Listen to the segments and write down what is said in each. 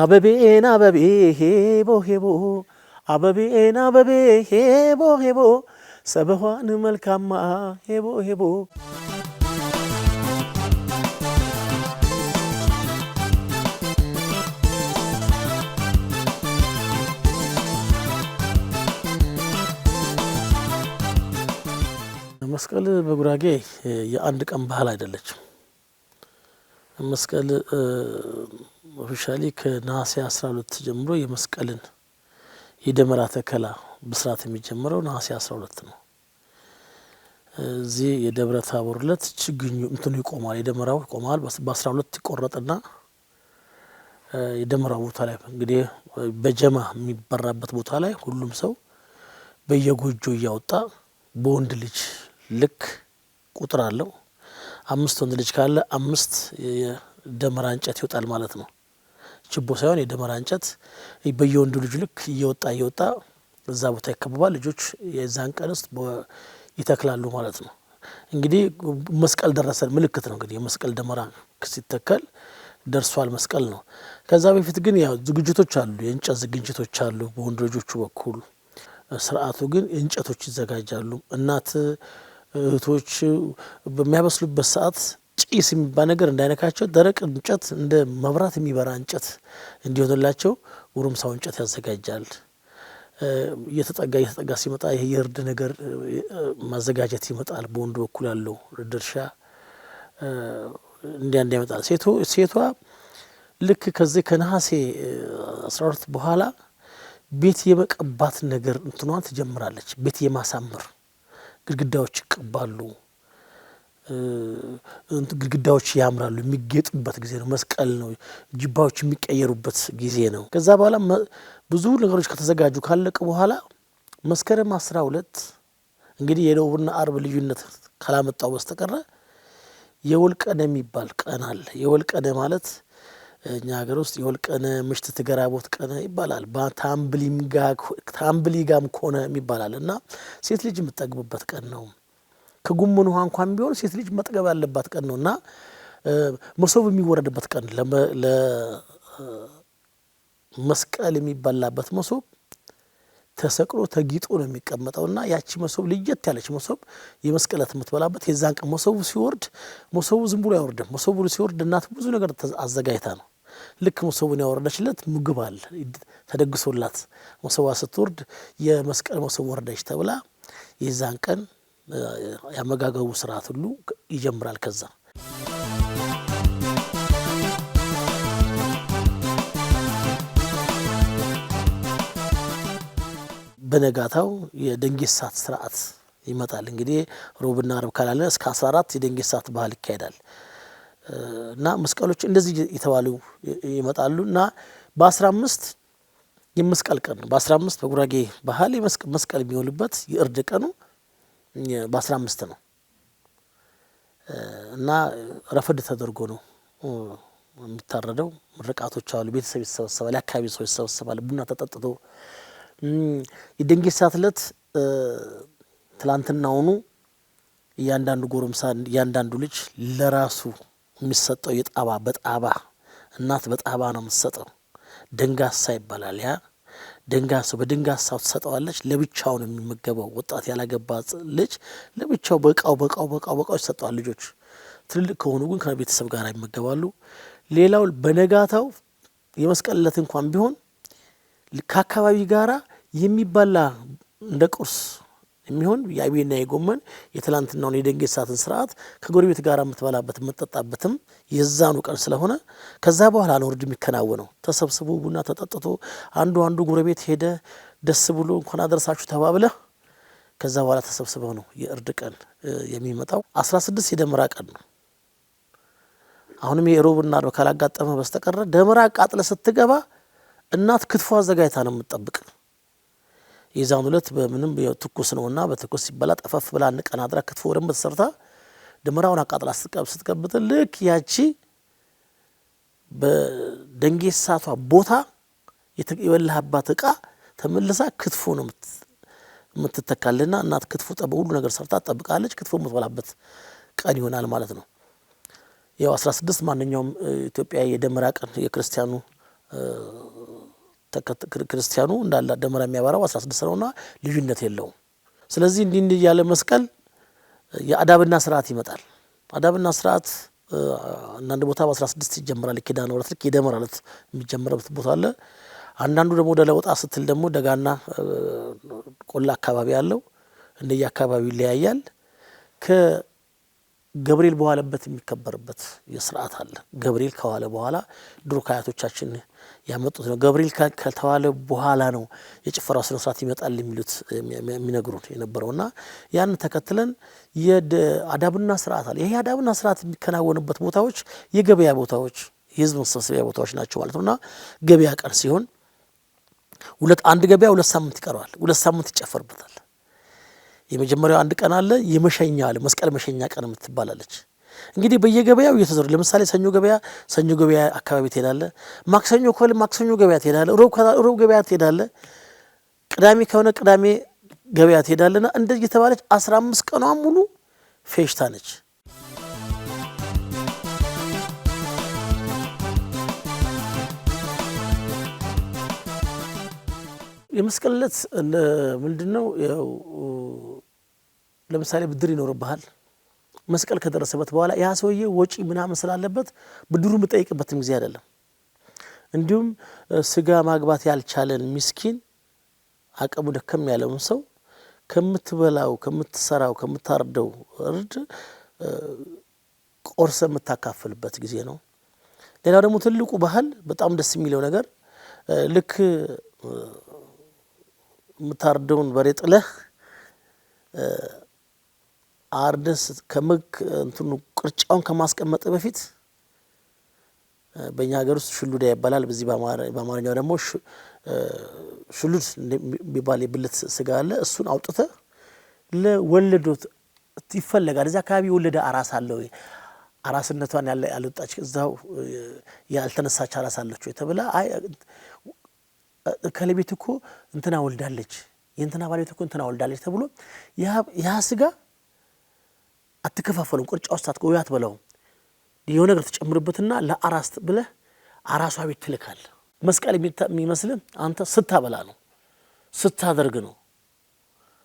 አበቤን አበቤ ሄቦ ሄቦ አበቤን አበቤ ሄቦ ሄቦ ሰበኋን መልካማ ሄቦ ሄቦ መስቀል በጉራጌ የአንድ ቀን ባህል አይደለችም። መስቀል ኦፊሻሊ ከነሐሴ ሁለት ጀምሮ የመስቀልን የደመራ ተከላ ብስራት የሚጀምረው ነሐሴ 12 ነው። እዚህ የደብረ ታቦር ዕለት ችግኙ እንትኑ ይቆማል፣ የደመራው ይቆማል በአስራ በ12 ይቆረጥና የደመራው ቦታ ላይ እንግዲህ በጀማ የሚበራበት ቦታ ላይ ሁሉም ሰው በየጎጆ እያወጣ በወንድ ልጅ ልክ ቁጥር አለው። አምስት ወንድ ልጅ ካለ አምስት የደመራ እንጨት ይወጣል ማለት ነው። ችቦ ሳይሆን የደመራ እንጨት በየወንዱ ልጅ ልክ እየወጣ እየወጣ እዛ ቦታ ይከብባል። ልጆች የዛን ቀን ውስጥ ይተክላሉ ማለት ነው። እንግዲህ መስቀል ደረሰ ምልክት ነው። እንግዲህ የመስቀል ደመራ ሲተከል ደርሷል መስቀል ነው። ከዛ በፊት ግን ያው ዝግጅቶች አሉ፣ የእንጨት ዝግጅቶች አሉ በወንድ ልጆቹ በኩል። ስርዓቱ ግን እንጨቶች ይዘጋጃሉ። እናት እህቶች በሚያበስሉበት ሰዓት ጭስ የሚባል ነገር እንዳይነካቸው ደረቅ እንጨት እንደ መብራት የሚበራ እንጨት እንዲሆንላቸው ጉርምሳው እንጨት ያዘጋጃል። እየተጠጋ እየተጠጋ ሲመጣ ይህ የእርድ ነገር ማዘጋጀት ይመጣል። በወንዱ በኩል ያለው ድርሻ እንዲያ እንዲያ ይመጣል። ሴቷ ልክ ከዚህ ከነሐሴ 12 በኋላ ቤት የመቀባት ነገር እንትኗን ትጀምራለች። ቤት የማሳምር ግድግዳዎች ይቀባሉ። ግድግዳዎች ያምራሉ፣ የሚጌጡበት ጊዜ ነው። መስቀል ነው። ጅባዎች የሚቀየሩበት ጊዜ ነው። ከዛ በኋላ ብዙ ነገሮች ከተዘጋጁ ካለቀ በኋላ መስከረም አስራ ሁለት እንግዲህ የደቡብና አርብ ልዩነት ካላመጣው በስተቀረ የወልቀነ የሚባል ቀን አለ። የወልቀነ ማለት እኛ ሀገር ውስጥ የወልቀነ ምሽት ትገራቦት ቀነ ይባላል። ታምብሊጋም ኮነ ይባላል እና ሴት ልጅ የምትጠግብበት ቀን ነው። ከጎመን ውሃ እንኳን ቢሆን ሴት ልጅ መጥገብ ያለባት ቀን ነው እና መሶብ የሚወረድበት ቀን ለመስቀል የሚበላበት መሶብ ተሰቅሎ ተጊጦ ነው እና ያቺ መሶብ ልየት ያለች መሶብ የመስቀለት የምትበላበት የዛን ቀን መሶቡ ሲወርድ መሶቡ ዝም ብሎ አይወርድም። መሶቡ ሲወርድ እናት ብዙ ነገር አዘጋጅታ ነው። ልክ መሶቡን ያወረደችለት ምግብ አለ ተደግሶላት መሶቧ ስትወርድ የመስቀል መሶብ ወረደች ተብላ የዛን ቀን ያመጋገቡ ስርዓት ሁሉ ይጀምራል ከዛ። በነጋታው የደንጌሳት ስርዓት ይመጣል። እንግዲህ ሮብና ረብ ካላለ እስከ 14 የደንጌሳት ባህል ይካሄዳል እና መስቀሎች እንደዚህ የተባሉ ይመጣሉ እና በ15 የመስቀል ቀን በ15 በጉራጌ ባህል መስቀል የሚሆንበት የእርድ ቀኑ በአስራ አምስት ነው እና ረፈድ ተደርጎ ነው የሚታረደው። ምርቃቶች አሉ። ቤተሰብ ይሰበሰባል። የአካባቢ ሰው ይሰበሰባል። ቡና ተጠጥቶ የደንጌ ሰዓት ዕለት ትላንትናውኑ እያንዳንዱ ጎረምሳ እያንዳንዱ ልጅ ለራሱ የሚሰጠው የጣባ በጣባ እናት በጣባ ነው የምትሰጠው። ደንጋሳ ይባላል ያ ደንጋሳ በደንጋሳው ትሰጠዋለች። ለብቻው ነው የሚመገበው። ወጣት ያላገባ ልጅ ለብቻው በቃው በቃው በቃው በቃው ይሰጠዋል። ልጆች ትልልቅ ከሆኑ ግን ከቤተሰብ ጋር ይመገባሉ። ሌላው በነጋታው የመስቀል ዕለት እንኳን ቢሆን ከአካባቢ ጋራ የሚበላ እንደ ቁርስ የሚሆን የአይቤና የጎመን የትላንትናውን የደንጌ ሰዓትን ስርዓት ከጎረቤት ጋር የምትበላበት የምትጠጣበትም የዛኑ ቀን ስለሆነ ከዛ በኋላ አልወርድ የሚከናወነው ተሰብስቦ ቡና ተጠጥቶ አንዱ አንዱ ጎረቤት ሄደ ደስ ብሎ እንኳን አደረሳችሁ ተባብለህ ከዛ በኋላ ተሰብስበው ነው የእርድ ቀን የሚመጣው። አስራ ስድስት የደመራ ቀን ነው። አሁንም የሮብና ነው ካላጋጠመ በስተቀረ ደመራ ቃጥለ ስትገባ እናት ክትፎ አዘጋጅታ ነው የምትጠብቅ። የዛን ሁለት በምንም ትኩስ ነውና በትኩስ ሲበላ ጠፈፍ ብላ ንቀን አድራ ክትፎ በደንብ ተሰርታ ደመራውን አቃጥላ ስትቀብት ልክ ያቺ በደንጌሳቷ ቦታ የበላህባት እቃ ተመልሳ ክትፎ ነው የምትተካልና እናት ክትፎ ጠብ ሁሉ ነገር ሰርታ ጠብቃለች። ክትፎ የምትበላበት ቀን ይሆናል ማለት ነው። ያው 16 ማንኛውም ኢትዮጵያ የደመራ ቀን የክርስቲያኑ ክርስቲያኑ እንዳለ ደመራ የሚያበራው 16 ነውና ልዩነት የለውም። ስለዚህ እንዲህ እንዲህ ያለ መስቀል የአዳብና ስርዓት ይመጣል። አዳብና ስርዓት አንዳንድ ቦታ በ16 ይጀምራል። ኪዳነ ምሕረት ልክ የደመራ ዕለት የሚጀምርበት ቦታ አለ። አንዳንዱ ደግሞ ወደ ለውጣ ስትል ደግሞ ደጋና ቆላ አካባቢ አለው። እንደየ አካባቢው ይለያያል። ከገብርኤል በኋለበት የሚከበርበት የስርዓት አለ። ገብርኤል ከዋለ በኋላ ድሮ ከአያቶቻችን ያመጡት ነው። ገብርኤል ከተባለ በኋላ ነው የጭፈራው ስነ ስርዓት ይመጣል የሚሉት የሚነግሩን የነበረው እና ያን ተከትለን የአዳብና ስርዓት አለ። ይሄ የአዳብና ስርዓት የሚከናወንበት ቦታዎች የገበያ ቦታዎች፣ የህዝብ መሰብሰቢያ ቦታዎች ናቸው ማለት ነው እና ገበያ ቀን ሲሆን ሁለት አንድ ገበያ ሁለት ሳምንት ይቀረዋል። ሁለት ሳምንት ይጨፈርበታል። የመጀመሪያው አንድ ቀን አለ፣ የመሸኛ አለ፣ መስቀል መሸኛ ቀን የምትባላለች እንግዲህ በየገበያው እየተዘሩ ለምሳሌ ሰኞ ገበያ ሰኞ ገበያ አካባቢ ትሄዳለ ማክሰኞ ከሆነ ማክሰኞ ገበያ ትሄዳለ። ሮብ ገበያ ትሄዳለ ቅዳሜ ከሆነ ቅዳሜ ገበያ ትሄዳለና እንደዚህ የተባለች አስራ አምስት ቀኗ ሙሉ ፌሽታ ነች። የመስቀል ዕለት ምንድን ነው? ያው ለምሳሌ ብድር ይኖርብሃል። መስቀል ከደረሰበት በኋላ ያ ሰውዬ ወጪ ምናምን ስላለበት ብድሩ የምጠይቅበትም ጊዜ አይደለም። እንዲሁም ስጋ ማግባት ያልቻለን ሚስኪን አቅሙ ደከም ያለውን ሰው ከምትበላው፣ ከምትሰራው፣ ከምታርደው እርድ ቆርሰ የምታካፍልበት ጊዜ ነው። ሌላው ደግሞ ትልቁ ባህል በጣም ደስ የሚለው ነገር ልክ የምታርደውን በሬ ጥለህ አርደስ ከምግ እንትኑ ቅርጫውን ከማስቀመጥ በፊት በእኛ ሀገር ውስጥ ሽሉዳ ይባላል። በዚህ በአማርኛው ደግሞ ሽሉድ የሚባል የብልት ስጋ አለ። እሱን አውጥተ ለወለዶት ይፈለጋል። እዚህ አካባቢ የወለደ አራስ አለ ወይ አራስነቷን ያልወጣች እዛው ያልተነሳች አራስ አለች ተብላ ከለቤት እኮ እንትና ወልዳለች፣ የእንትና ባለቤት እኮ እንትና ወልዳለች ተብሎ ያ ስጋ አትከፋፈሉም። ቅርጫ ውስጥ አትቆዩ አትበላውም። የሆነ ነገር ትጨምርበትና ለአራስ ብለህ አራሷ ቤት ትልካል። መስቀል የሚመስል አንተ ስታበላ ነው ስታደርግ ነው።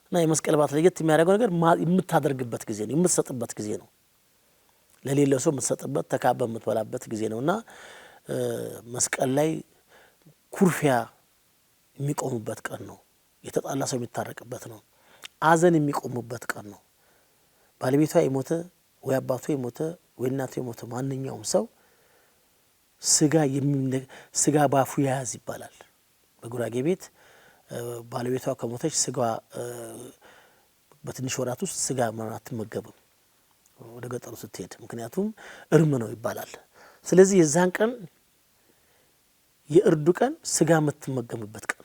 እና የመስቀል በዓት ለየት የሚያደርገው ነገር የምታደርግበት ጊዜ ነው፣ የምትሰጥበት ጊዜ ነው። ለሌለ ሰው የምትሰጥበት ተካበ የምትበላበት ጊዜ ነው እና መስቀል ላይ ኩርፊያ የሚቆሙበት ቀን ነው። የተጣላ ሰው የሚታረቅበት ነው። አዘን የሚቆሙበት ቀን ነው። ባለቤቷ የሞተ ወይ አባቱ የሞተ ወይ እናቱ የሞተ ማንኛውም ሰው ስጋ ስጋ ባፉ ያያዝ ይባላል። በጉራጌ ቤት ባለቤቷ ከሞተች ስጋ በትንሽ ወራት ውስጥ ስጋ አትመገብም ወደ ገጠሩ ስትሄድ፣ ምክንያቱም እርም ነው ይባላል። ስለዚህ የዛን ቀን የእርዱ ቀን ስጋ የምትመገብበት ቀን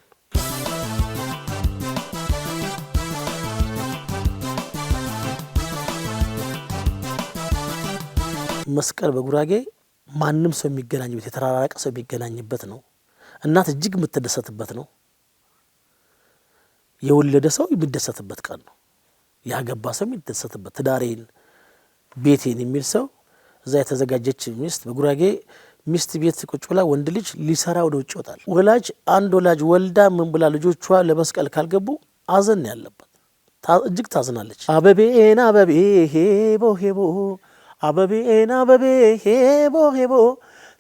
መስቀል በጉራጌ ማንም ሰው የሚገናኝበት የተራራቀ ሰው የሚገናኝበት ነው። እናት እጅግ የምትደሰትበት ነው። የወለደ ሰው የሚደሰትበት ቀን ነው። ያገባ ሰው የሚደሰትበት ትዳሬን፣ ቤቴን የሚል ሰው እዛ የተዘጋጀች ሚስት በጉራጌ ሚስት ቤት ቁጭ ብላ ወንድ ልጅ ሊሰራ ወደ ውጭ ይወጣል። ወላጅ አንድ ወላጅ ወልዳ ምን ብላ ልጆቿ ለመስቀል ካልገቡ አዘን ያለበት እጅግ ታዝናለች። አበቤን አበቤ ሄቦ ሄቦ አበቤን አበቤ ሄቦ ሄቦ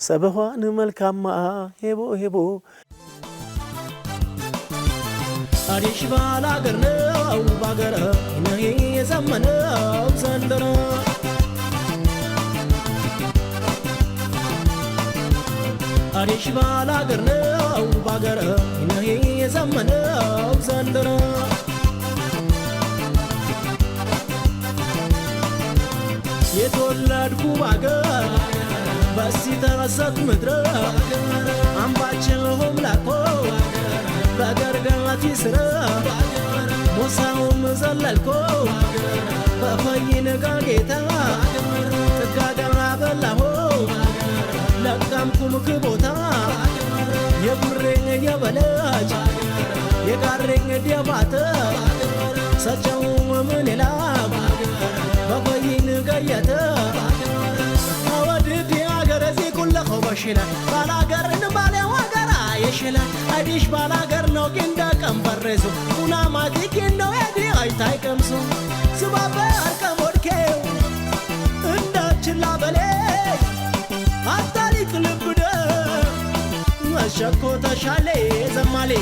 ሰብኋን መልካማ ሄቦ ሄቦ አዲሽ ባላገር ነው ባገረ ነይ የዘመነው ዘንድሮ አዲሽ ባላገር ነው ባገረ ነይ የዘመነው ዘንድሮ በወለድኩ ባገር በሲ ተረሰት ምድር አምባችን ሆም ላቆ በገርገመቲ ስር ሙሳውም ዘለልኮ በፈይንጋ ጌታ ጥጋገራ በላሆ ዲያባተ ሰጨውም ሽለ ባላገር ንባሌው አገራ የሽለ አዲሽ ባላገር ነው ጊንዳ ቀንበሬሱ ኡናማቲ ጊንደው ያዲ አይታይ ቀምሱ ስባበ አርከሞድኬው እንዳችላ በሌ አታሪክ ልብደ መሸኮ ተሻሌ ዘማሌ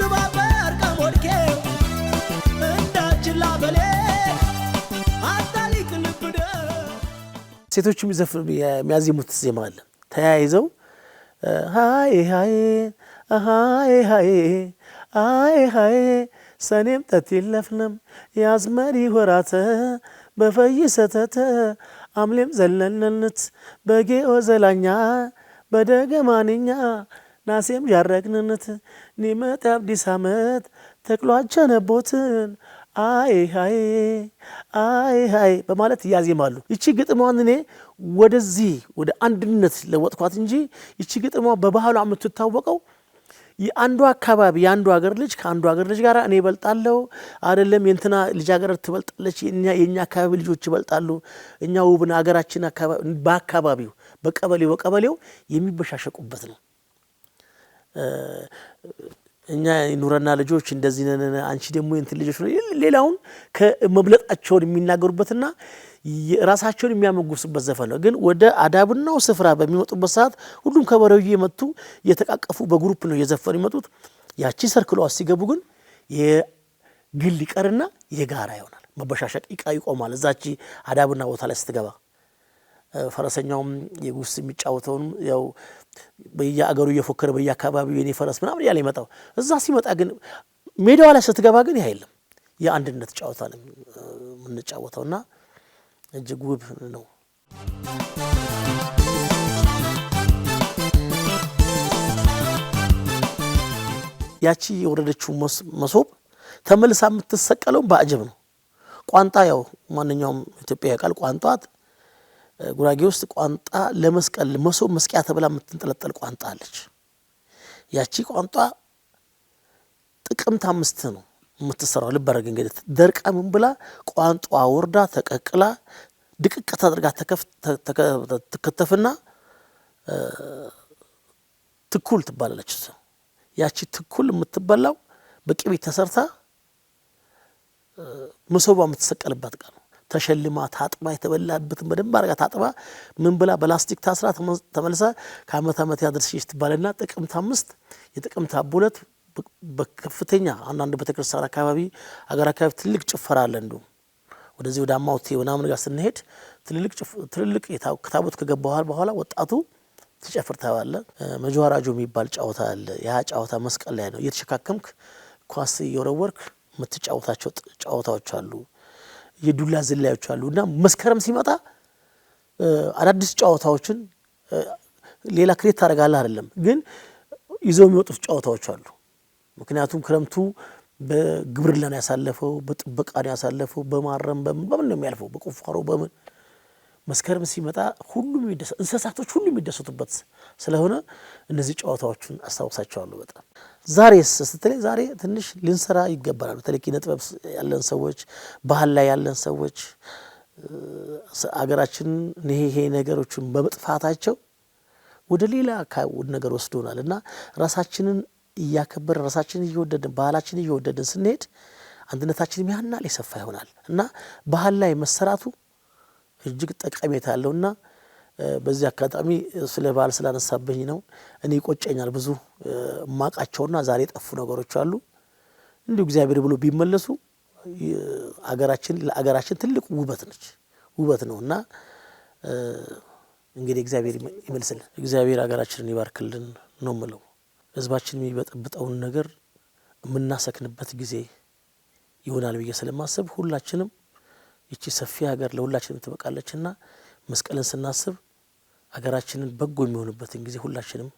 ስባበ አርከሞድኬው እንዳችላ በሌ ሴቶቹ የሚያዜሙት ዜማ አለን። ተያይዘው ሀይ ሀይ ሀይ ሀይ አይ ሀይ ሰኔም ጠት ይለፍለም የአዝመሪ ወራተ በፈይ ሰተተ አምሌም ዘለለልንት በጌኦ ዘላኛ በደገማንኛ ናሴም ዣረግንነት ኒመጥ አብዲስ አመት ተክሏቸ ነቦትን አይ ሀይ አይ ሀይ በማለት ያዜማሉ። ይቺ ግጥሟን እኔ ወደዚህ ወደ አንድነት ለወጥኳት እንጂ ይቺ ግጥሟ በባህሏ የምትታወቀው የአንዱ አካባቢ የአንዱ ሀገር ልጅ ከአንዱ ሀገር ልጅ ጋር እኔ ይበልጣለሁ አይደለም የእንትና ልጃገረድ ትበልጣለች፣ የእኛ አካባቢ ልጆች ይበልጣሉ፣ እኛ ውብን ሀገራችን በአካባቢው በቀበሌው በቀበሌው የሚበሻሸቁበት ነው። እኛ ኑረና ልጆች እንደዚህ ነን፣ አንቺ ደግሞ እንትን ልጆች ነው ሌላውን መብለጣቸውን የሚናገሩበትና ራሳቸውን የሚያመጉሱበት ዘፈን ነው። ግን ወደ አዳብናው ስፍራ በሚመጡበት ሰዓት ሁሉም ከበሬው የመጡ እየተቃቀፉ በግሩፕ ነው እየዘፈኑ የመጡት። ያቺ ሰርክሏ ሲገቡ ግን የግል ይቀርና የጋራ ይሆናል። መበሻሸቅ ይቆማል። እዛቺ አዳብና ቦታ ላይ ስትገባ ፈረሰኛውም የጉስ የሚጫወተውን ያው በየአገሩ እየፎከረ በየአካባቢው የኔ ፈረስ ምናምን ያለ ይመጣው። እዛ ሲመጣ ግን ሜዳዋ ላይ ስትገባ ግን ይህ የለም። የአንድነት ጨዋታ ነው የምንጫወተውና እጅግ ውብ ነው። ያቺ የወረደችው መሶብ ተመልሳ የምትሰቀለው በአጀብ ነው። ቋንጣ ያው ማንኛውም ኢትዮጵያ ያውቃል። ቋንጣ ጉራጌ ውስጥ ቋንጣ ለመስቀል መሶብ መስቂያ ተብላ የምትንጠለጠል ቋንጣ አለች። ያቺ ቋንጣ ጥቅምት አምስት ነው የምትሰራው። ልብ አድርግ እንግዲህ ደርቃ ምን ብላ ቋንጧ ወርዳ ተቀቅላ ድቅቅ ተደርጋ ትከተፍና ትኩል ትባላለች። ያቺ ትኩል የምትበላው በቅቤ ተሰርታ መሶቧ የምትሰቀልባት ቃል ነው። ተሸልማ ታጥባ የተበላበትን በደንብ አርጋ ታጥባ ምን ብላ በላስቲክ ታስራ ተመልሳ ከአመት ዓመት ያድርስሽ ትባልና ጥቅምት አምስት የጥቅምት አቦ በከፍተኛ አንዳንድ ቤተክርስቲያን አካባቢ አገር አካባቢ ትልቅ ጭፈራ አለ እንዱ ወደዚህ ወደ አማውቴ ምናምን ጋር ስንሄድ ትልልቅ ከታቦት ከገባኋል በኋላ ወጣቱ ትጨፍር ታባለ መጅዋራጆ የሚባል ጨዋታ አለ። ያ ጨዋታ መስቀል ላይ ነው። እየተሸካከምክ ኳስ እየወረወርክ የምትጫወታቸው ጨዋታዎች አሉ። የዱላ ዝላዮች አሉ እና መስከረም ሲመጣ አዳዲስ ጨዋታዎችን ሌላ ክሬት ታደርጋለህ አይደለም፣ ግን ይዘው የሚወጡት ጨዋታዎች አሉ። ምክንያቱም ክረምቱ በግብርላ ነው ያሳለፈው፣ በጥበቃ ነው ያሳለፈው፣ በማረም በምን ነው የሚያልፈው፣ በቁፋሮ በምን መስከረም ሲመጣ ሁሉም እንስሳቶች ሁሉ የሚደሰቱበት ስለሆነ እነዚህ ጨዋታዎቹን አስታውሳቸዋለሁ በጣም። ዛሬስ ስትለኝ ዛሬ ትንሽ ልንሰራ ይገባናል። በተለይ ኪነ ጥበብ ያለን ሰዎች፣ ባህል ላይ ያለን ሰዎች አገራችን ይሄ ይሄ ነገሮችን በመጥፋታቸው ወደ ሌላ ነገር ወስዶናል እና ራሳችንን እያከበርን ራሳችንን እየወደድን ባህላችን እየወደድን ስንሄድ አንድነታችንም ያናል የሰፋ ይሆናል እና ባህል ላይ መሰራቱ እጅግ ጠቀሜታ ያለውና በዚህ አጋጣሚ ስለ ባህል ስላነሳብኝ ነው እኔ ይቆጨኛል ብዙ ማቃቸውና ዛሬ የጠፉ ነገሮች አሉ። እንዲሁ እግዚአብሔር ብሎ ቢመለሱ አገራችን ለአገራችን ትልቅ ውበት ነች ውበት ነው እና እንግዲህ እግዚአብሔር ይመልስልን፣ እግዚአብሔር ሀገራችንን ይባርክልን ነው ምለው ህዝባችን የሚበጠብጠውን ነገር የምናሰክንበት ጊዜ ይሆናል ብዬ ስለማስብ ሁላችንም ይቺ ሰፊ ሀገር ለሁላችንም ትበቃለችና መስቀልን ስናስብ ሀገራችንን በጎ የሚሆንበትን ጊዜ ሁላችንም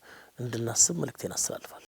እንድናስብ መልእክቴን አስተላልፋለሁ።